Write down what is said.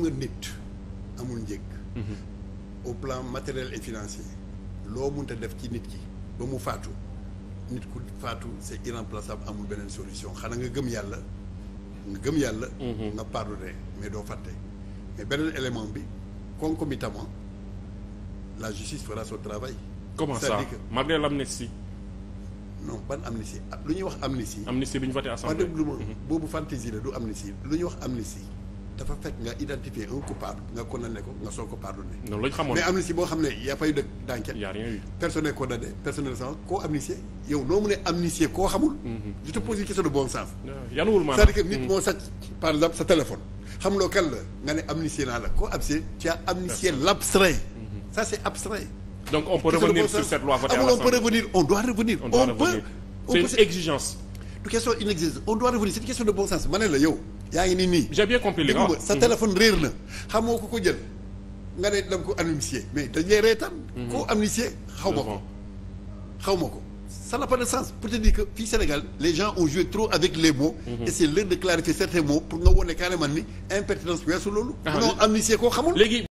nga nit amul njëg. Mhm. au plan matériel et financier loo mënta def ci nit ki ba mu faatu nit ku faatu c'est irremplaçable amul beneen solution xanaa nga gëm yàlla nga gëm yàlla. Mhm. nga pardonné mais doo fàtte. mais beneen élément bi concomitamment la justice fera son travail. comment ça que... malgré l'amnistie. non ban amnistie lu ñu wax amnistie. amnistie bi ñu voté assemblée. Mhm. boobu fantaisie la du amnistie lu ñuy wax amnistie. dafa fekk nga identifier un coupable nga condamné ko nga soog ko pardonné. loolu la mais amnistie boo xam ne y' a pas eu de d' enquête. y' a rien eu personne n'est condamné personne ne yow noo mun a amnistier koo xamul. Mhm. je pose une question de bon sens. Mhm. sa téléphone. xam loo kan la nga ne amnistier naa la koo amnistier tu as amnistié l' mhm. abstrait. ça donc on peut revenir on peut revenir on doit on doit exigence. du question une exigence on doit revenir c'est une la yow. yaa ngi nii nii. j'ai bien compris li nga wax sa mm-hmm. téléphone réer na xamoo ko ko jël nga ne da ko amnistier mais dañ lay reetaan. Mm-hmm. koo amnistier xaw ma ko. xaw ma ko ça n'a pas de sens pour te dire que fii Sénégal les gens ont joué trop avec les mots. Mm-hmm. et c'est l'heure de clarifier certains mots pour nga wone carrément ni impertinence weesu loolu. Ah, non amnistier koo xamul léegi.